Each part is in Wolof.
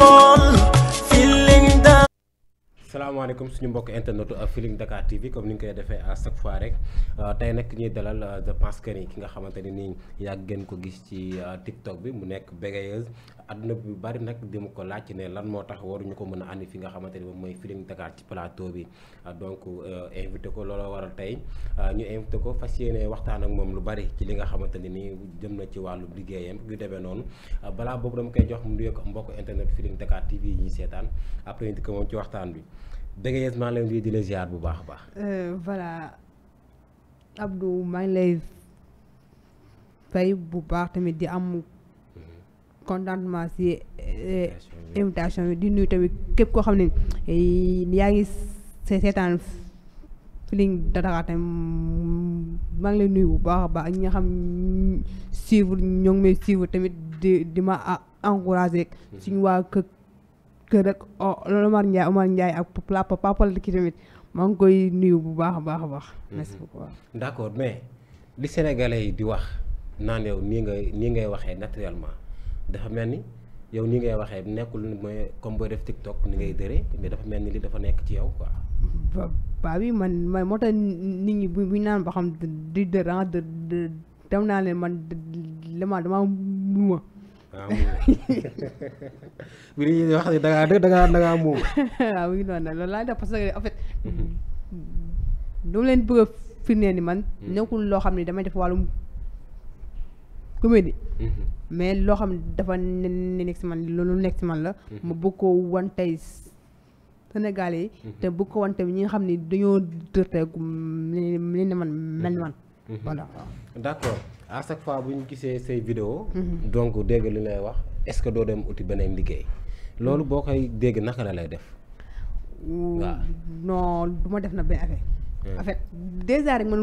xool Feeling suñu mbokk internetu ak euh, Feeling Dakar TV comme ni nga koy defee à chaque fois rek euh, tey nag ñuy dalal je pense yi ki nga xamante ni nii yàgg ngeen ko gis ci euh, TikTok bi mu nekk bégayeuse àdduna bi bari nag dima ko laaj ne lan moo tax waruñu ko mën a andi fi nga xamante ni moom mooy Feeling Dakar ci plateau bi ah, donc euh, invité ko looloo waral tey ah, ñu invité ko fas yéene waxtaan ak moom lu bari ci li nga xamante ne ni jëm na ci wàllu liggéeyam yu demee noonu ah, balaa boobu dama koy jox mu nuyoog mbokk internet Feeling Dakar TV yi ñuy seetaan après ñu di ko moom ci waxtaan bi dégg yees maa leen di di la ziar bu baax a baax. Euh, voilà Abdou maa lay fay bu baax tamit di am. contentement si eh, invitation bi di nuyu tamit képp koo xam ne eh, yaa ngi seetaan Feeling Dakar tamit mm, maa ngi lay nuyu bu baax a baax ñi nga xam suivre ñoo ngi may suivre tamit di di ma ah, encouragé mm-hmm. suñu waa kë kër rek oh, Omar Ndiaye Omar Ndiaye ak papa papa la tamit maa ngi koy nuyu bu baax a baax a baax. Mm-hmm. merci beaucoup d' accord mais li sénégalais yi di wax naan yow nii ngay nii ngay waxee naturellement. dafa mel ni yow ni ngay waxee nekkul mooy comme booy def TikTok ni ngay dëree dafa mel ni li dafa nekk ci yow quoi. ba bi man man moo tax nit ñi bu ñu naan boo xam di dërë de dem naa leen man dama dama muuma. waaw ah, bu ñuy wax da ngaa da ngaa da ah, ngaa loolu laa def parce que en fait. Mhm. leen bëgg a firndeel ni man. Mhm. nekkul loo xam ne damay def wàllum comédie. Mhm. mais loo xam dafa nekk si man loolu nekk si man la mhm. ma bëgg koo wan tey Sénégal yi mhm. te bëgg ko wan tamit ñi nga xam ne dañoo dërteeku li ne man mel man mhm. voilà d'accord à chaque fois bu ñu gisee say vidéo donc dégg li lay wax est-ce que doo dem uti beneen liggéey loolu boo koy dégg naka la lay def waaw non def na benn affaire Mm. en fait dèjà rek man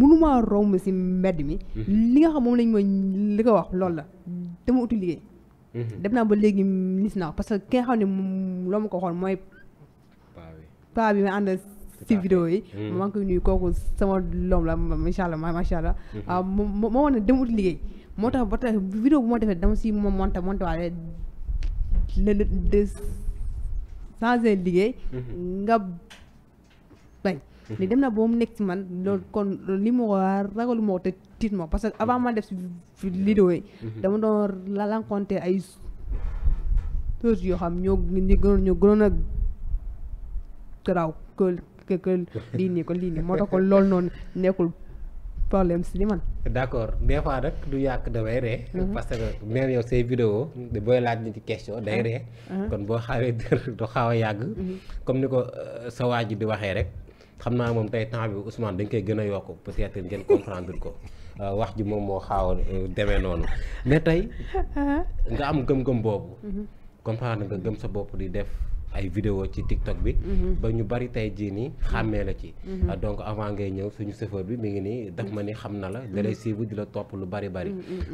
mënumaa romb si mbedd mi. Mm-hmm. li nga xam moom lañ ma li ko wax lool la dama uti liggéey. Mm-hmm. dem naa ba léegi nis naa parce que ki nga xam ne loo ma ko xool mooy. bi ma ànd yi. Mm-hmm. maa ngi koy nuyu kooku sama loom la macha allah macha allah. Ah, moo moo ne dem uti liggéey. moo tax ba tax vidéo bu ma defee dama si moom monté monté waale le de liggéey. nga bañ. li dem na boo mu nekk si man loolu kon li ma war ragalu ma te tiit ma parce que avant ma def si vidéo yi mhm. dama doon la rencontré ay choses yoo xam ñoo ñi gënoon ñoo gënoon a garaaw lii nii ko lii nii moo tax ko loolu noonu nekkul problème si li man d'accord des fois rek du yàq damay ree mhm. parce que même yow say vidéo booy laaj ni question day ah. ree ah. kon boo xawee du xaw a yàgg mhm. comme ni ko euh, sa waa ji di waxee rek xam naa moom tey temps bi Ousmane dañ koy gën a yokk peut ngeen comprendre ko euh, wax ji moom moo xaaw euh, demee noonu mais tey nga am gëm-gëm boobu mhm. comprendre nga gëm sa bopp di def ay vidéo ci TikTok bi mhm. ba ñu bari tey jii ni xàmmee la ci mhm. euh, donc avant ngay ñëw suñu chauffeur bi mu ngi nii daf ma ni xam na la da lay siibu di la topp lu bari bari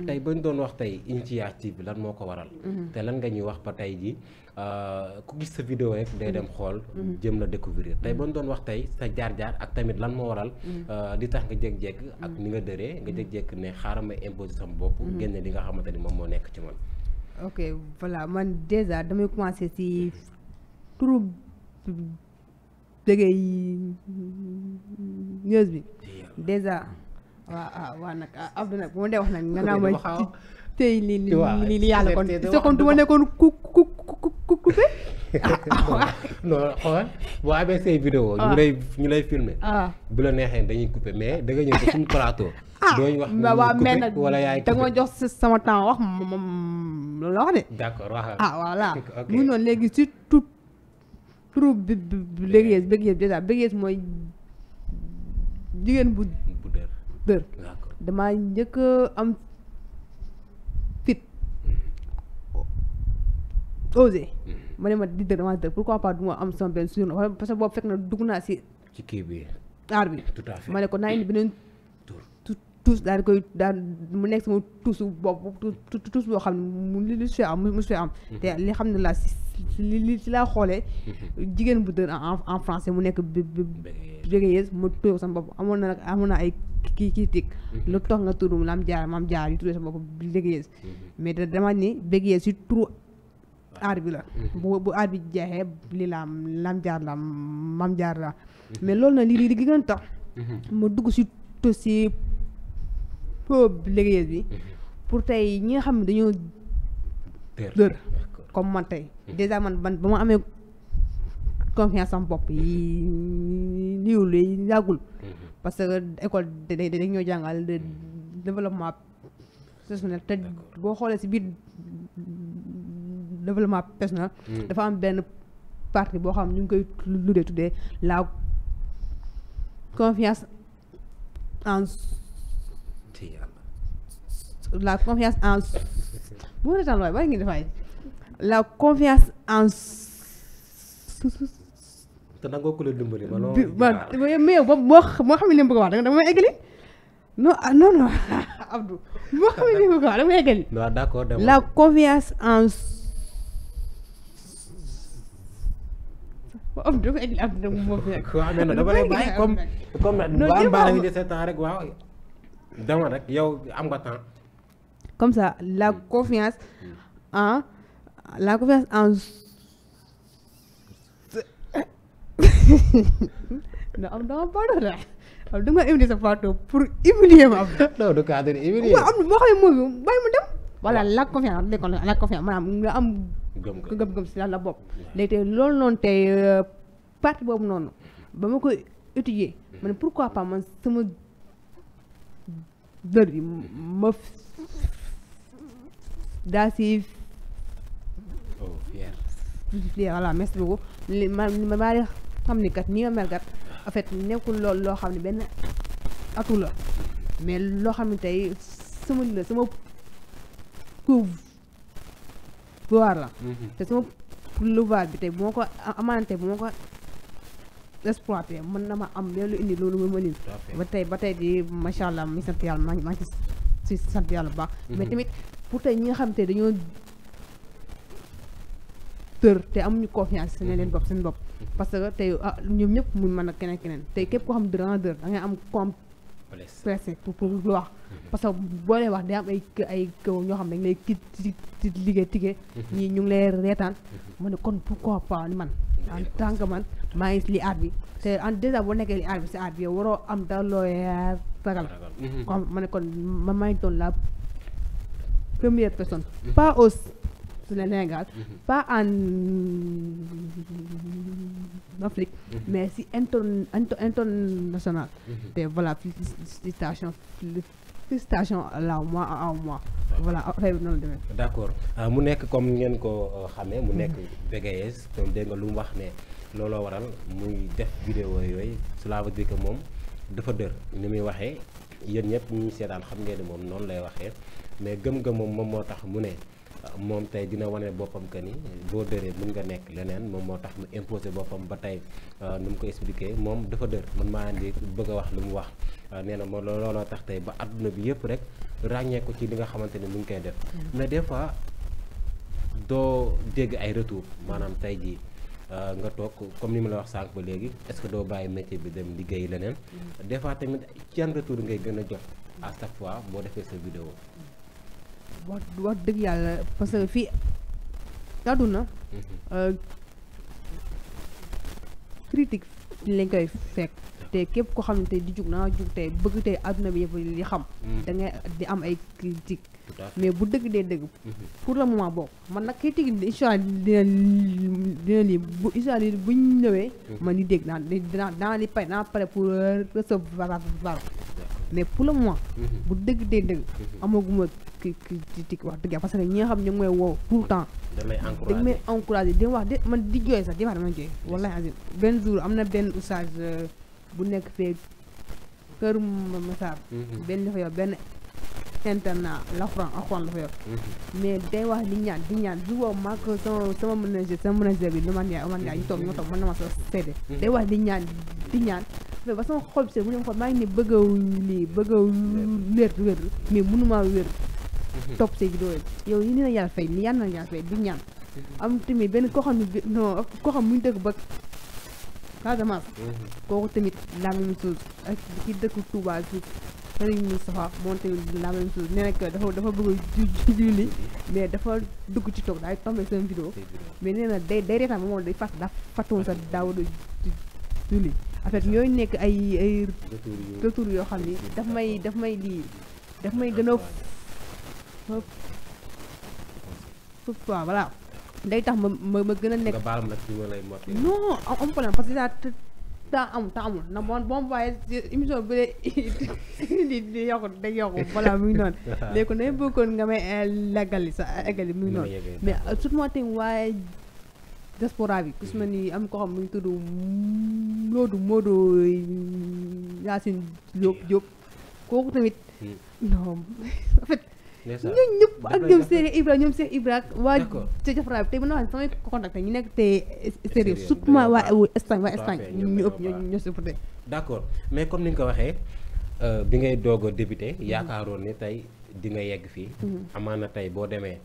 tey bañ doon wax tey initiative lan moo ko waral te lan nga ñuy wax ba tey jii Euh, ku gis sa vidéo rek day dem xool mhm. jëm la découvrir tey ba ñu doon wax tey sa jaar-jaar ak tamit lan moo waral di mhm. euh, tax nga jékki-jékki ak mhm. ni nga dëree nga jékki-jékki ne xaaral ma imposé sama bopp génne di nga xamante ni moom moo nekk ci man ok man déjà damay commencer ci turu déggee news bi déjà ah, nag ah, Abdou nag bu ma dee wax nag nga naa ma tey li li li yàlla kon seconde du ma ku ku coupé. ah, ah non xoolal boo amee say vidéo ñu ah. lay ñu lay filmer ah. bu la neexee dañuy coupé mais da nga ñëw ba suñu plateau. dooñu wax ñu coupé wala yaay coupé da jox si sama temps wax moom loolu la wax de. d'accord wax ah voilà. mu noonu léegi surtout turu bi bi bégees bégees déjà bégees mooy jigéen bu. bu dër njëkk am osé hmm. ma ne ma di dëgg dama dëgg pourquoi pas du parce que boobu fekk na dugg naa si. aar bi tout ko naa indi beneen tuus daal di koy daal mu nekk sama tuusu bopp tuus boo xam ne mu li li su hmm. xam ne laa si li li xoolee hmm. jigéen bu dër en français mu nekk bégayees ma tuddee ko sama bopp amoon na nag amoon na ay kii critique lu tax nga tudd mu la am jaar maam jaar yu tuddee sama bopp bégayees mais dama ni bégayees yu turu aar bi la mhm. bu bu aar bi jeexee li laam lam jaar la mam jaar la mhm. mais loolu na lii di gën tax ma mhm. dugg si dossier peuple liggéeyal bi pour tey ñi nga xam ne dañoo dër comme man tey dèjà man man ba ma amee confiance am bopp yi liiwul yàggul parce que école da dañoo jàngal développement personnel te boo xoolee si biir développement personnel hmm. dafa am benn partie boo xam ñu ngi koy lu dee tuddee la confiance en la confiance en bu ma retaan waay ngi defaay la confiance en te nangoo ku la dimbali ma moo xam ne li wax danga dama eggali non ah, non non moo xam ne li wax dama eggali la confiance en am dama indi am dama mu fekk. dama rek waaw yow am nga temps. comme ça la confiance en la confiance en. non am dama pardon la am dama indi sa photo pour humilier ma am. non du cadre humilier. waaw am boo xamee moom bàyyi mu dem. voilà la confiance am la confiance maanaam nga am. gëm-gëm si la la bopp léegi tey loolu noonu tey euh, parti boobu noonu ba ma koy étudier ma ne pourquoi pas man sama dër yi ma daa oh, si fier voilà merci beaucoup li ma ma maa xam ni kat ni ma kat en nekkul lool loo xam ne benn atu la mais loo xam ne tey sama la sama ku pouvoir la mhm. te sama pouvoir bi tey bu ko amante bu ma ko exploité mën na ma am leen indi loolu ma lim ba tey ba tey di macha allah mi sant yàlla maa ngi ci sant yàlla bu baax mhm. mais tamit pour tey ñi nga xam te dañoo tër te amuñu confiance seen leen mhm. bopp seen bopp parce que tey ah, ñoom ñëpp muy mën a keneen keneen tey képp koo xam grandeur da ngay am comp pressé pour pour wax mhm. parce que boo lay wax day am ay ay kaw ñoo xam ne dañ lay kii ci ci liggéey tige mhm. ñii ñu ngi lay reetaan mhm. ma ne kon pourquoi pas man en tant que man maa ngi li aat bi te en déjà boo nekkee li aat bi si aat bi yow waroo am da looy ragal comme ma ne kon ma maa ngi doon la première personne pas aussi Sénégal pas en Afrique mais si inton international mhm. te voilà félicitation félicitation la moi à moi voilà a bi noonu la demee. d' accord euh, mu nekk comme ngeen ko euh, xamee mu nekk BGS te dégg nga lu wax ne looloo waral muy def vidéo yooyu cela veut dire que moom dafa dër ni muy waxee yéen ñëpp ñu seetaan xam ngeen ne moom noonu lay waxee mais gëm-gëm moom moom moo tax mu ne. moom tey dina wane boppam que ni boo dëree mën nga nekk leneen moom moo tax mu imposé boppam ba tey euh, nu mu ko expliqué moom dafa dër man maa indi bëgg a wax lu mu wax euh, nee na moo looloo tax tey ba adduna bi yëpp rek ràññeeku ko ci li nga xamante ne mu ngi koy def mais des fois doo dégg ay retour maanaam tey jii euh, nga toog comme ni ma la wax sànq léegi est-ce que doo bàyyi métier bi dem liggéey leneen mm. des fois tamit ci yan ngay gën a jot à chaque fois boo defee sa vidéo wax wax dëgg yàlla parce que fii àdduna mhm. euh, critique lañ koy fekk te képp ko xam ni tey di jug naa jug tey bëgg te àdduna bi yëpp li xam mhm. da ngay di am ay critique mais bu dëgg dee dëgg mhm. pour le moment boobu man nag critique incha allah dina lii bu incha allah buñ ñëwee man di dégg naa dinaa dinaa li pare naa pare pour recevoir mais pour le moment. Mhm. bu dëgg dee dëgg. Mhm. amaguma ki ki wax dëgg parce que ñi nga xam ne mooy woo tout le temps. dañ may encouragé di wax de man di jooy sax di wax dama jooy. wallahi azim benn jour am na benn oustaz euh, bu nekk fee kër Massar. Mhm. benn dafa yor benn. internat alxuraan alxuraan la fa yor mhm. mais day wax di ñaan di ñaan du boobu maa ko sama sama manager sama manager bi lu man yaay man yaay ñu toog ñoo toog man na ma sa seede mhm. mu ne ma xool maa ngi ne bëgg a lii bëgg a wér wér mais mhm. topp say vidéo yow yi ni na yàlla fay ni yàlla na yàlla fay di ñaan am tamit benn koo xam ne non koo xam mu dëkk ba Casamance kooku tamit la même ak ki dëkk Touba Serigne Moustapha monté la même chose nee na que dafa dafa bëgg a julli mais dafa dugg ci toog daay tombé seen vidéo mais nee na day day reetaan ba moom day fàtt daa fàttoon sa daaw de julli en fait yooyu nekk ay ay retour yoo xam ni daf may daf may lii daf may gën a waaw voilà day tax ma ma gën a nekk. nga baal ma nag fi ma temps amul temps amul na bon bon waaye émission bi de di yokku da yokku voilà mu ngi noonu ah. léegi ne bëggoon nga may eh, lagali sa eh, eggali mu ngi noonu mais euh, surtout moo tamit waaye diaspora bi ku su ni am ko xam mu ngi tudd Modou Modou Yacine Diop Diop kooku tamit non en ñun ñëpp ak ñoom Serigne Ibra ñoom Serigne Ibra waa ca jafaraab tey mën naa wax samay contacté ñu nekk tey sérieux surtout ma waa Espagne waa Espagne ñu ëpp ñoo ñoo supporté d' accord mais comme ni nga ko waxee euh, bi ngay doog a débuté mhm. yaakaaroon ni tey di nga yegg fii mhm. amaana tey boo demee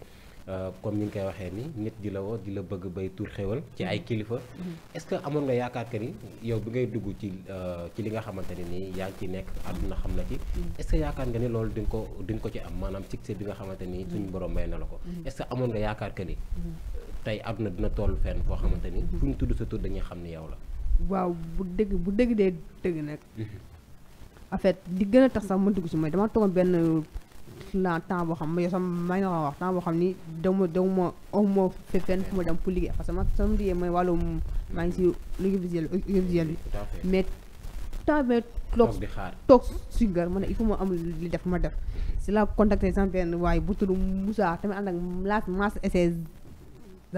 Euh, comme ni nga koy waxee ni nit di la woo di la bëgg bay tuur xéwal ci ay mm-hmm. kilifa mm-hmm. est-ce que amoon nga yaakaar que ni yow bi ngay dugg ci euh, ci li nga xamante ne nii yaa ngi ci nekk àdduna xam na ci mm-hmm. est-ce nga ni loolu di ko nga ko ci am maanaam bi nga xamante ni suñu borom may la ko est-ce que amoon nga yaakaar que ni tey àdduna dina toll fenn foo xamante ni fu ñu tudd sa tur dañuy xam ni yow la waaw bu dëgg bu dëgg dee dëgg nag en fait gën a tax sax ma dugg si mooy dama toog benn la temps boo xam yow sama may na ko wax temps boo xam ni ma dama ma awma fenn fu ma dem pour liggéey parce que man sama liggéey mooy wàllum maa ngi si audiovisuel audiovisuel bi mais temps bi toog toog si ma ne il faut ma am li def ma def si la contacté sama benn waaye bu tudd Moussa tamit ànd ak laas maas essai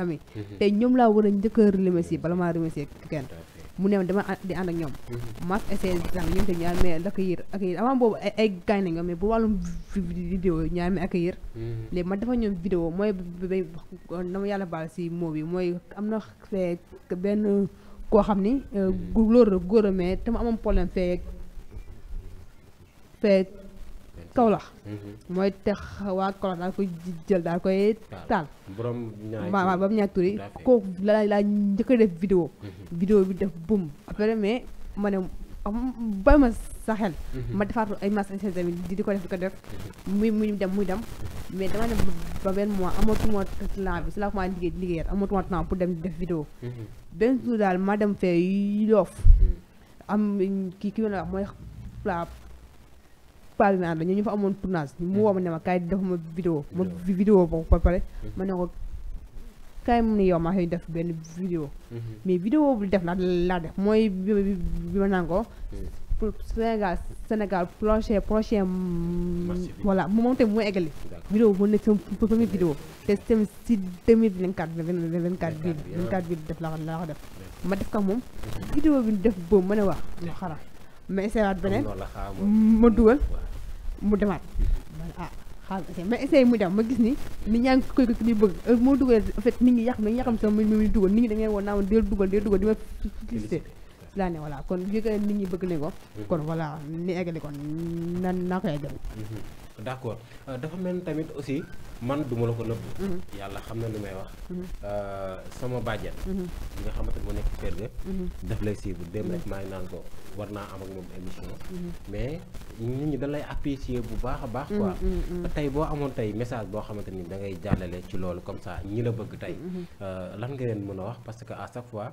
amis mhm. te ñoom laa war a njëkk a remercier bala maa remercier kenn mu ne dama di ànd ak ñoom. Mm-hmm. mas essayé examen ñu ngi ñaar mais accueillir accueillir avant boobu ay ay gaañ nañ ko mais bu wàllum vidéo ñaar mi accueillir. Mm-hmm. léegi man dafa ñoom vidéo mooy bay dama yàlla baal si moo bi mooy am na fee benn koo xam ni. Euh, mm-hmm. góor góor mais te mu amoon problème fee fee. Kaolack mhm. mooy tax waa Kaolack daal koy jël daal koy taal waaw ba mu ñaari tur yi kooku la laa njëkk a def vidéo mhm. vidéo bi def boum après mais ma ne ba ma sa xel mhm. ma defaatu ay masse tamit di di ko def di ko def muy muy dem muy dem mais dama ne ba benn mois amatuma temps bi si laa ko maa liggéey liggéeyat amatuma temps pour dem def vidéo benn jour daal ma dem fee yoof am kii ki ma wax mooy page bi ànd ñu ñu fa amoon tournage mu hmm. woo ma ne ma kaay dafa ma ma vidéo ba hmm. ma ne ko kaay mu def benn hmm. bu def la laa def mooy bi ma naan ko Sénégal Sénégal prochain prochain voilà moom tamit mooy eggali vidéo moo nekk sama première vidéo te tamit si 2024 24 bi 24 bi def la la ko def ma def ko moom vidéo bi def boobu ma ne wax ma essayé waat beneen ma dugal mu demaat ah xaaral essayé ma mu dem ma gis ni nit ñaa ngi koy ko ñuy bëgg heure moo dugalee en fait nit ñi yàq nañu yàqam sama mi muy dugal nit ñi da ngay woon naa woon del dugal del dugal di ma félicité laa ne voilà kon yëg nit ñi bëgg nañ ko mhm. kon voilà ni eggale kon na naa koy eggale mhm. d' accord euh, dafa mel tamit aussi man duma la ko nëbb mhm. yàlla xam na lu may wax mhm. euh, sama bàjjan mhm. bi nga xamante ne moo nekk kër ga daf lay suivre dem rek maa ngi naan ko war naa am ak moom émission mais nit ñi da lay apprécier bu baax a baax quoi tey boo amoon tey message boo xamante ni da ngay jàllale ci loolu comme ça ñi la bëgg tey euh, lan nga leen mën a wax parce que à chaque fois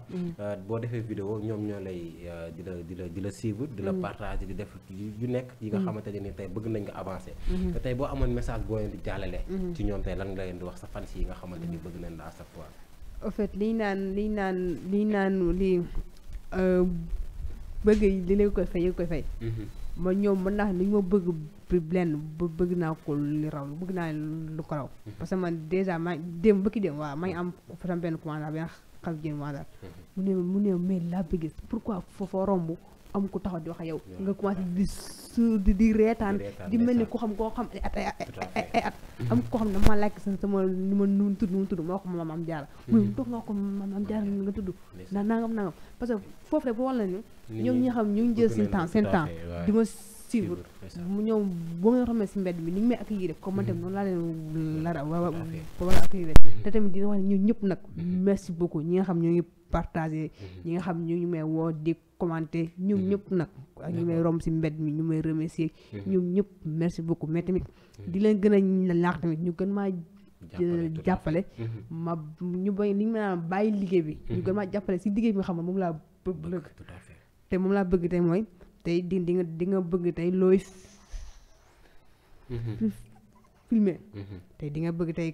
boo defee vidéo ñoom ñoo lay di la di la di la suivre di la partager di def yu nekk yi nga xamante ne ni tey bëgg nañ nga te mm-hmm. tey boo amoon message boo leen di jàllale mm-hmm. ci ñoom tey lan nga leen di wax sa fans yi nga xamante ni bëgg fait liy naan liy naan liy naan li euh, bëgg li leen koy fay yéen koy fay mm-hmm. ma ñoom mën naa li ñu bëgg lenn bëgg naa ko li raw bëgg naa lu ko raw parce que man dèjà ma dem bëkki dem waaw maa am sama benn commande benn xam jën mu ne mu ne mais laa bëgg pourquoi foofa romb am ku taxaw di wax yow nga commencé di su di reetaan di mel ni ku xam koo xam ay at ay at am ko xam ne ma laaj sa sama ni ma nu tudd nu tudd ma mm-hmm. wax ko ma maam jaara mu toog nga ko maam jaara nga tudd ndax nangam nangam parce que foofu rek boo wax la ñu ñoom ñi xam ñu ngi jël seen temps seen temps di ma suivre mu ñëw boo ma xamee si mbedd mi ni ñu may accueillir comme man tamit mm-hmm. noonu laa mm-hmm. wa war a accueillir mm-hmm. te tamit dina wax ñëpp nag merci beaucoup ñi nga xam ñoo ngi partagé ñi nga xam ñu ngi woo di commenter ñoom ñëpp nag ak ñu may si mbedd mi ñu may remercier ñoom ñëpp merci beaucoup mais tamit di leen gën a laax tamit ñu gën maa jàppale ma ñu bañ li ñu ma bàyyi liggéey bi gën maa jàppale si liggéey bi xam ne moom laa bëgg te moom laa bëgg te mooy tey di di nga di nga bëgg tey looy mm-hmm. filmer mm-hmm. tey di nga bëgg tey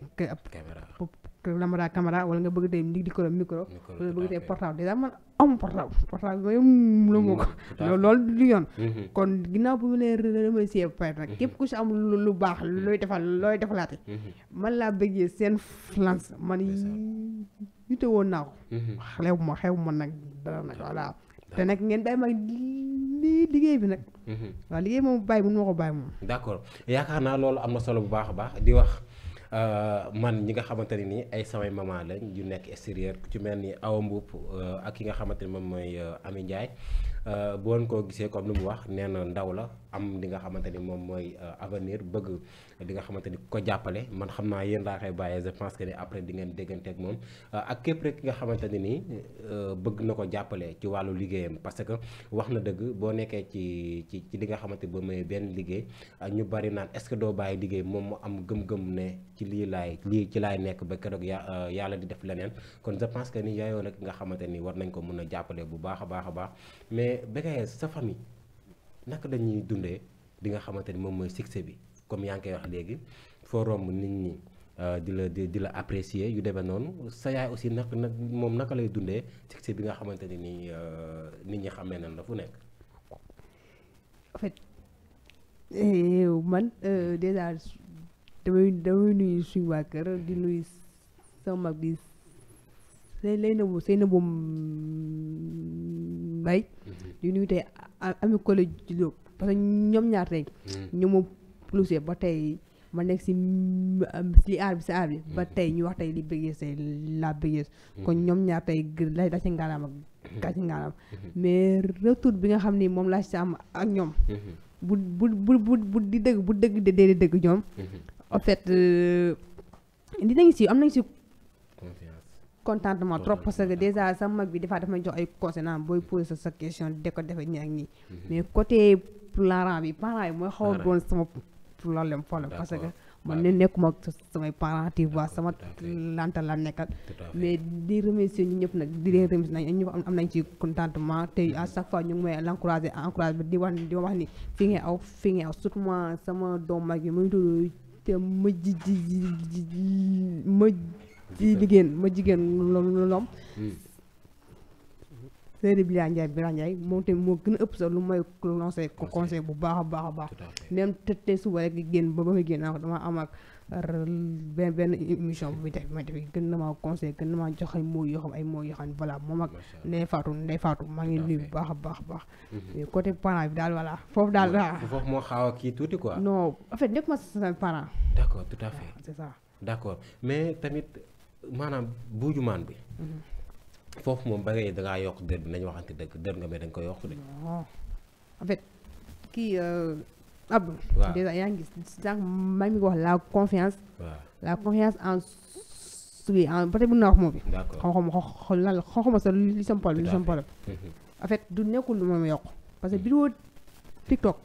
caméra caméra wala nga bëgg tey di di ko micro wala bëgg tey portable dèjà man am portable portable mooy la nga mm, loolu du yoon mm-hmm. kon ginnaaw bu mu leen remercier ba pare nag képp ku si am lu baax looy defal looy defalaate man laa bëggee seen flanc man yite woon naa ko xew ma xew ma nag dara nag voilà te nag ngeen bàyyi ma lii liggéey bi nag. Mhm. waaw liggéey moom bàyyi mun ma ko bàyyi moom. d'accord yaakaar naa loolu am na solo bu baax a baax di wax. Uh, man ñi nga xamante ne nii ay samay maman lañ yu nekk extérieur ku ci mel ni Awa Mboup euh, ak ki nga xamante ne moom mooy uh, Ami Ndiaye euh, bu woon koo gisee comme lu mu wax nee na ndaw la am li nga xamante ni moom mooy euh, avenir bëgg li nga xamante ni ko jàppale man xam naa yéen laa koy bàyyee je pense que après di ngeen déggante moom euh, ak képp ki nga xamante ne nii euh, bëgg na ko jàppale ci wàllu liggéeyam parce que wax na dëgg boo nekkee ci ci ci li nga xamante ni ba mooy benn liggéey ñu bari naan est-ce que doo bàyyi liggéey moom mu am gëm-gëm ne ci lii laay lii ci laay nekk ba keroog ya yàlla di def leneen kon je pense que ni yaayoo nag nga xamante ni war nañ ko mën a jàppale bu baax a baax a baax mais Bécaye sa famille naka la ñuy dundee di nga xamante ni moom mooy succès bi comme yaa ngi koy wax léegi foo romb nit ñi euh, di la di di la apprécier yu demee noonu sa yaay aussi nag nag moom naka lay dundee succès bi nga xamante ni nii euh, nit ñi xamee nañ la fu nekk. Eh, man euh, déjà damay damay nuyu suñu waa kër di nuyu sama mag bi seen lay na bu seen mbay. Mm-hmm. di nuyu tey ami collège judo parce que ñoom ñaar tey ñu ma ba tey ma nekk si aar bi si aar bi ba tey ñu wax tey li bëggees tey la bëggees kon ñoom ñaar tey la da ci ngaalaam ak gaa ci ngaalaam mais retour bi nga xam ni moom laa si am ak ñoom bu bu bu bu bu di dëgg bu dëgg de dee dëgg ñoom en fait dinañ si am nañ si contentement trop parce que déjà sama mag bi des fois may jox ay conseils booy poser sa question de ko defee ñi ak mhm. ñi mais côté parent yi mooy xaw a doon sama problème problème que man ne nekkuma samay parents tu vois sama lanta la nekkal mais di remercier ñu ñëpp nag di leen remercier nañ ñëpp am nañ ci contentement te mhm. à chaque fois ñu ngi may encouragé encouragé di wax di wax ni fi aw fi aw surtout sama doom mag yi muy tudd te ma ji ji ma ci jigéen ma jigéen lu lom hmm. Seydi Bilia Ndiaye Bira Ndiaye moom tamit moo gën a ëpp sax lu may conseil conseil bu baax a baax a baax même te te suba rek génn ba ba muy génn dama am ak benn benn émission bu muy def may def na maa conseil gën na maa joxe mooy yoo xam ay mooy yoo xam voilà moom ak Ndeye Fatou Ndeye Fatou ngi nuyu bu baax a baax a baax mm-hmm. côté parent bi daal voilà foofu daal voilà foofu moo xaaw kii tuuti quoi non en fait nekk ma sa parent d'accord tout à fait maanaam buujumaan bi. Mhm. foofu moom ba ngay yokk dër bi nañu waxante dëgg dër nga mais dañ ko yokk de. Oh. en fait kii euh, Abdou. waaw déjà yaa ngi gis sànq maa ngi wax la confiance. waaw la confiance en subi en peut-être mën naa wax moom bi. d'accord xaw ma xaw ma sa li sam problème li sam problème. Mhm. en fait du nekkul lu ma yokk parce que mhm. vidéo TikTok.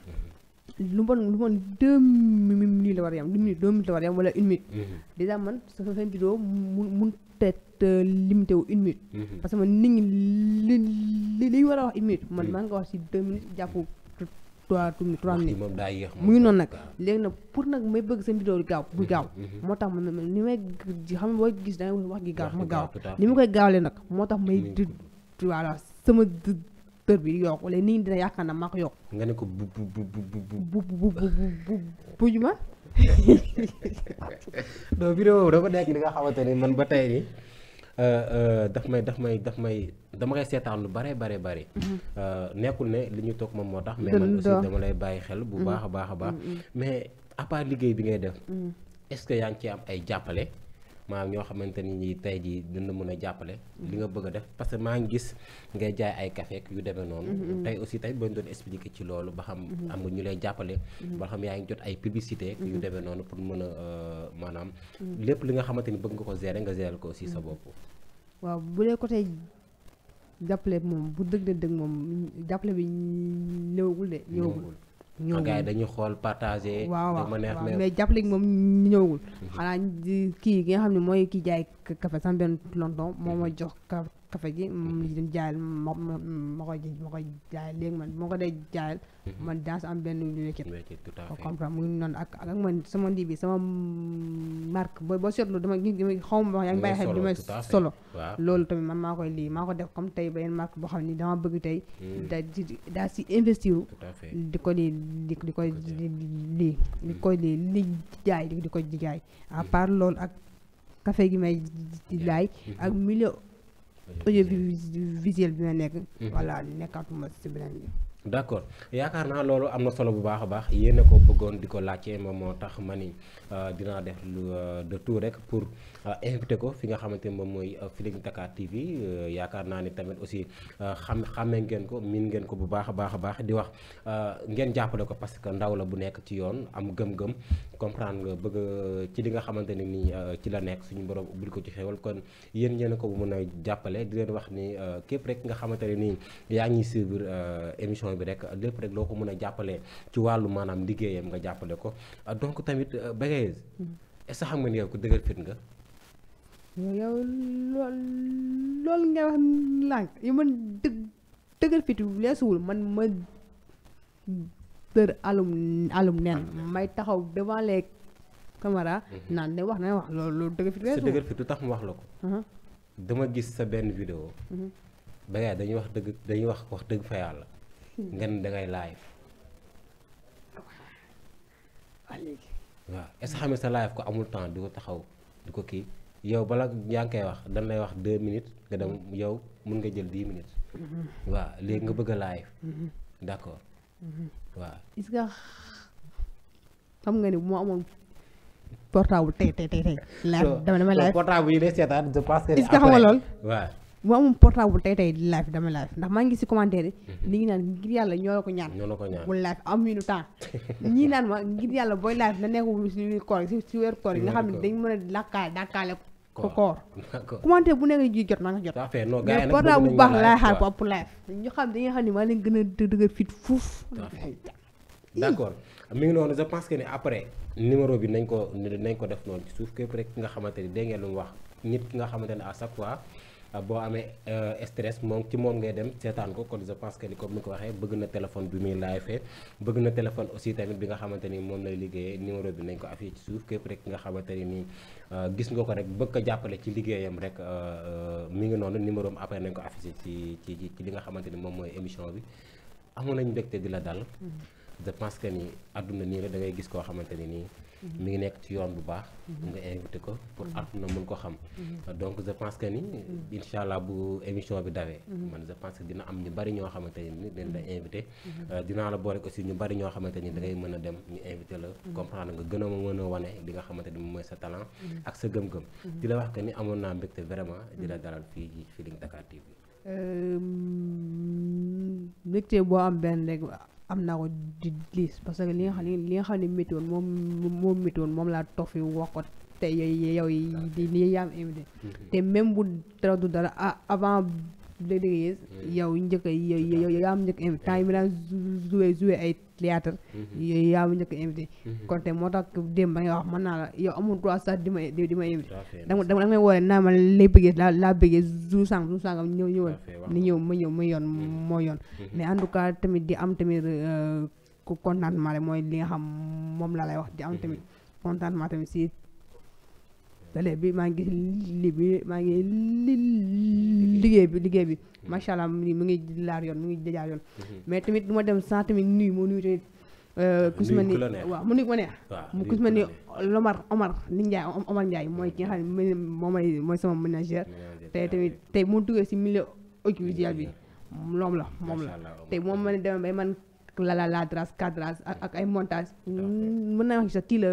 lu bon lu bon deux minutes la war a yam deux minutes la war yam wala une minute mhm. dèjà man sama seen vidéo mun mun teet limité wu une minute mhm. parce que man nit ñi li li li ñu war a wax une minute man mhm. maa nga wax si deux minutes jàpp trois minutes trois minutes mu ngi noonu nag léegi nag pour nag may bëgg seen vidéo gaaw bu gaaw moo tax man ni may xam ne boo gis danga wax gi gaaw ma gaaw ni ma koy gaawlee nag moo tax may voilà sama kër bi yokku léegi nii dina yaakaar na maa ko yokku. nga ne ko bu bu bu bu bu bu bu bu ma. non vidéo boobu dafa nekk li nga xamante ne man ba tey nii euh, euh, daf may daf may daf may dama koy seetaan lu bare bare bare. Mhm. Euh, nekkul ne li ñu toog moom moo tax. mais man aussi dama lay bàyyi xel bu mhm. baax a baax a baax. Mhm, mais à part liggéey bi ngay def. est-ce que yaa ngi ci am ay jàppale. maanaam ñoo xamante ni ñi tey jii dina mën a jàppale li nga bëgg a def parce que maa ngi gis ngay jaay ay café yu demee noonu mm-hmm. tey aussi tey bañ doon expliqué ci loolu ba xam mm-hmm. am nga ñu lay jàppale mm-hmm. ba xam yaa ngi jot ay publicité yu demee noonu pour mën a euh, maanaam lépp li nga xamante ni bëgg nga ko gérer nga gérer ko aussi sa bopp waaw bu dee côté jàppale moom bu dëgg dëgg moom jàppale bi ñëwagul de ñëwagul ñëwul gars yi dañuy xool partagé. waaw waaw mais jàppale moom ñëwul. xanaa kii ki nga xam ne mooy kii jaay lekk café sama benn tonton mm-hmm. moo ma jox café gi moom ma ma ma koy ma koy jaayal léegi man moo ko dee jaayal. Mm-hmm. ma daa am benn wéccet. wéccet tout à fait comprendre mu ngi noonu ak ak man sama lii bi sama marque boo boo seetlu dama dama xaw ma yaa ngi bàyyi xel. dama solo loolu tamit man maa koy lii maa ko def comme tey beneen marque boo xam ni dama bëgg tey. Mm. daa ci si investir. di ko lii di di ko lii di ko lii di jaay di ko jaay à mm. part loolu ak. kafe gi may di laay mm-hmm. ak milieu audiovisuel bi ma nekk mm-hmm. voilà nekkatuma si beneen bi d' accord yaakaar naa loolu am na solo bu baax a baax yéen a ko bëggoon di ko laajte moom moo tax ma ni euh, dinaa def lu euh, de tout rek pour euh, invité ko fi nga xamante moom mooy Feeling Dakar TV yaakaar naa ni tamit aussi xam xàmmee ngeen ko miin ngeen ko bu baax a baax a baax di wax ngeen jàppale ko parce que ndaw la bu nekk ci yoon am gëm-gëm comprendre nga bëgg ci li nga xamante ne nii ci la nekk suñu borom ubbil ko ci xewal kon yéen ngeen ko mën a jàppale di leen wax ni képp rek nga xamante ne nii yaa ngi suivre émission. population bi rek lépp rek loo ko mën a jàppale ci wàllu maanaam liggéeyam nga jàppale ko donc tamit euh, Bécaye mm. est-ce que xam nga ni yow ku dëgër fit nga. yow lool loolu nga wax lànk yi man dëg dëgër fit leesuwul man ma may taxaw devant les caméras mm-hmm. naan ne wax na wax loolu dëgër fit lu tax mu wax la ko uh-huh. dama gis sa benn vidéo mm-hmm. Bécaye dañuy wax dëgg dañuy wax wax dëgg fa yàlla nga ne dangay live ah, waaw est-ce sa live ko amul temps di taxaw di ko kii yow bala yaa ngi koy wax dañ wax deux minutes nga dem mm-hmm. yow mun nga jël dix minutes mm-hmm. waaw léegi nga bëgg a live mm-hmm. d'accord waaw est-ce xam nga ni bu amoon portable tey tey tey tey. la dama dama laaj portable yi day seetaan je pense que. lool bu amoon portable tey tey di live dama live ndax maa ngi si commentaire yi mhm. li ngi naan ngir yàlla ñoo la ko ñaan bu live amuñu temps ñii naan ma ngir yàlla booy live na nekk si koor si yi nga xam ne dañ mën a lakkaale dakkaale ko koor commentaire bu nekk ji jot maa nga jot mais portable bu baax laay xaar ko app live ñu xam dañuy xam ni maa leen gën a dëgër fit fuuf d'accord mi ngi noonu je pense que ne après numéro bi nañ ko nañ ko def noonu ci suuf képp rek ki nga xamante ni dégg ngeen lu mu wax nit ki nga xamante ne à chaque fois Euh, boo amee euh, stress moom ci moom ngay dem seetaan ko kon je ni comme ni ko waxee bëgg na téléphone bi muy laajfee bëgg na téléphone aussi tamit bi nga xamante ni moom lay liggéeyee numéro bi nañ ko affiché ci suuf képp rek nga xamante nii euh, gis nga ko rek bëgg ko jàppale ci liggéeyam rek mu ngi noonu numéro am après nañ ko affiché ci ci ci li nga xamante ni moom mooy émission bi amoon nañ mbégte di la dal mm-hmm. je pense que àdduna nii la da ngay gis koo xamante ni nii mi ngi nekk ci yoon bu baax nga invité ko pour mm-hmm. àdduna mun ko xam mm-hmm. donc je pense ni mm-hmm. incha bu émission bi dawee man je pense que dina am ñu bari ñoo xamante ni dañ euh, la da ngay mën a dem ñu invité la comprendre nga gën a mën a wane li xamante ni moom mooy sa talent ak sa gëm-gëm di la wax que ni amoon naa mbégte vraiment di dalal fii ci Feeling Dakar TV euh, boo am benn rek am naa ko di liis parce que li nga xam ne li nga xam ne météo moom moom météo moom laa toog fi wax ko te yow yow yi di li yaam invité mm-hmm. te même bu dara du dara ah, avant déggee yow njëkk yaa am njëkk invité temps yi mi daan joué joué ay théâtre mhm. yaa am njëkk invité mhm. kon te moo tax démb ba nga wax mën naa la yow amul droit sax di ma di ma invité dama dama may woowee naa ma lay bëggee laa laa bëggee jour sànq jour sànq ñëw ñëwoon ni ñëw ma ñëw ma yoon mhm. moo yoon mais en tout cas tamit di am tamit euh, contentement rek mooy li nga xam moom laa lay wax di am tamit contentement tamit si télé bi maa ngi li bi maa ngi liggéey bi liggéey bi macha allah mu ngi laar yoon mu ngi jajaar yoon mais tamit du ma dem sans tamit nuyu moo nuyu tamit ku si mu nuyu ma neex ma ni Lomar tamit tey moo duggee si milieu audiovisuel bi loom la moom la tey moom ma ne demee bay man la la ladrage cadrage ak ay montage mën naa wax sax kii la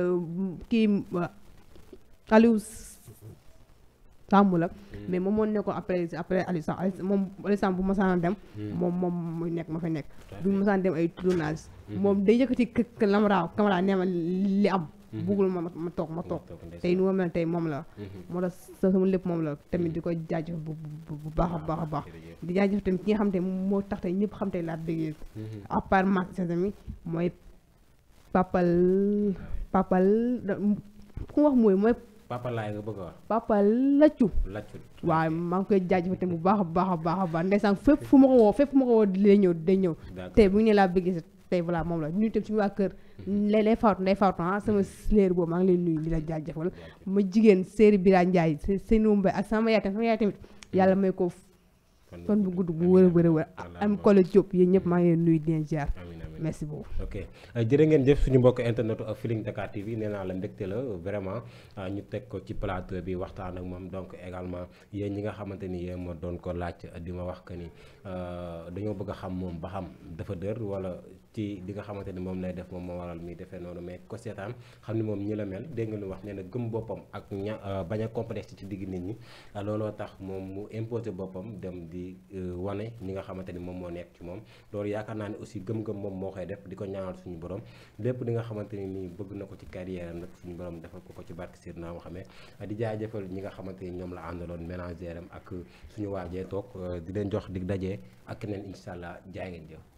kii Aliou Samb mm. la mais moom moo nekkoon après après Aliou Samb moom Aliou Samb bu ma saan dem mm. moom moom muy nekk ma fa nekk bu ma saan dem ay tournage mm-hmm. moom day yëkkati caméra caméra nee ma li am mm-hmm. buggul ma ma toog ma toog tey nu tey moom la mm-hmm. moo tax sama lépp moom la tamit di ko jaajëf bu baax a baax a baax ah, di jaajëf tamit ki nga xam te moo tax tey ñëpp xam tey laa déggee à part Macky Sall mooy papal papal ku wax mooy papa laay nga bëgg a wax. papa laccu. laccu waaw maa ngi koy jaajëfal bu baax a baax a baax a baax ndeysaan fépp fu ma ko woo fépp fu ma ko woo day ñëw day ñëw. tey bu ñu nee laa bëgg tey voilà moom la nuyu tam suñu waa kër. lay mhm. lay faatu nday faatu ah, sama séeréer boobu maa ngi lay nuyu di la jaajëfal ma jigéen séeri Bira Ndiaye seen mbay ak sama yaay tamit sama mhm. yàlla may ko fan bu gudd bu wër a wër a am collège Diop yéen ñëpp maa ngi leen nuyu dina leen merci beaucoup ok euh, jërë ngeen jëf suñu mbokk internetu ak Feeling Dakar TV nee naa la mbégte la vraiment euh, ñu teg ko ci plateau bi waxtaan ak moom donc également yéen ñi nga xamante ni yéen ma doon ko laaj di ma wax que ni euh, dañoo bëgg a xam moom ba xam dafa dër walla ci li nga xamante ni moom lay def moom moo waral muy defee noonu mais ko seetaan xam ni moom ñi la mel dégg nga lu wax nee na gëm boppam ak ña euh, bañ a ci digg nit ñi ah, looloo tax moom mu imposé boppam dem di euh, wane li nga xamante ni moom moo nekk ci moom loolu yaakaar naa ne aussi gëm-gëm moom moo koy def di ko ñaanal suñu borom lépp li nga xamante ni nii bëgg na ko ci carrière am nag suñu borom defal ko ko ci barke Seydina Muhammad ah, di jaajëfal ñi nga xamante ni ñoom la àndaloon ménagère am ak suñu waajee toog euh, di leen jox dig dajee ak keneen incha allah jaay ngeen jëf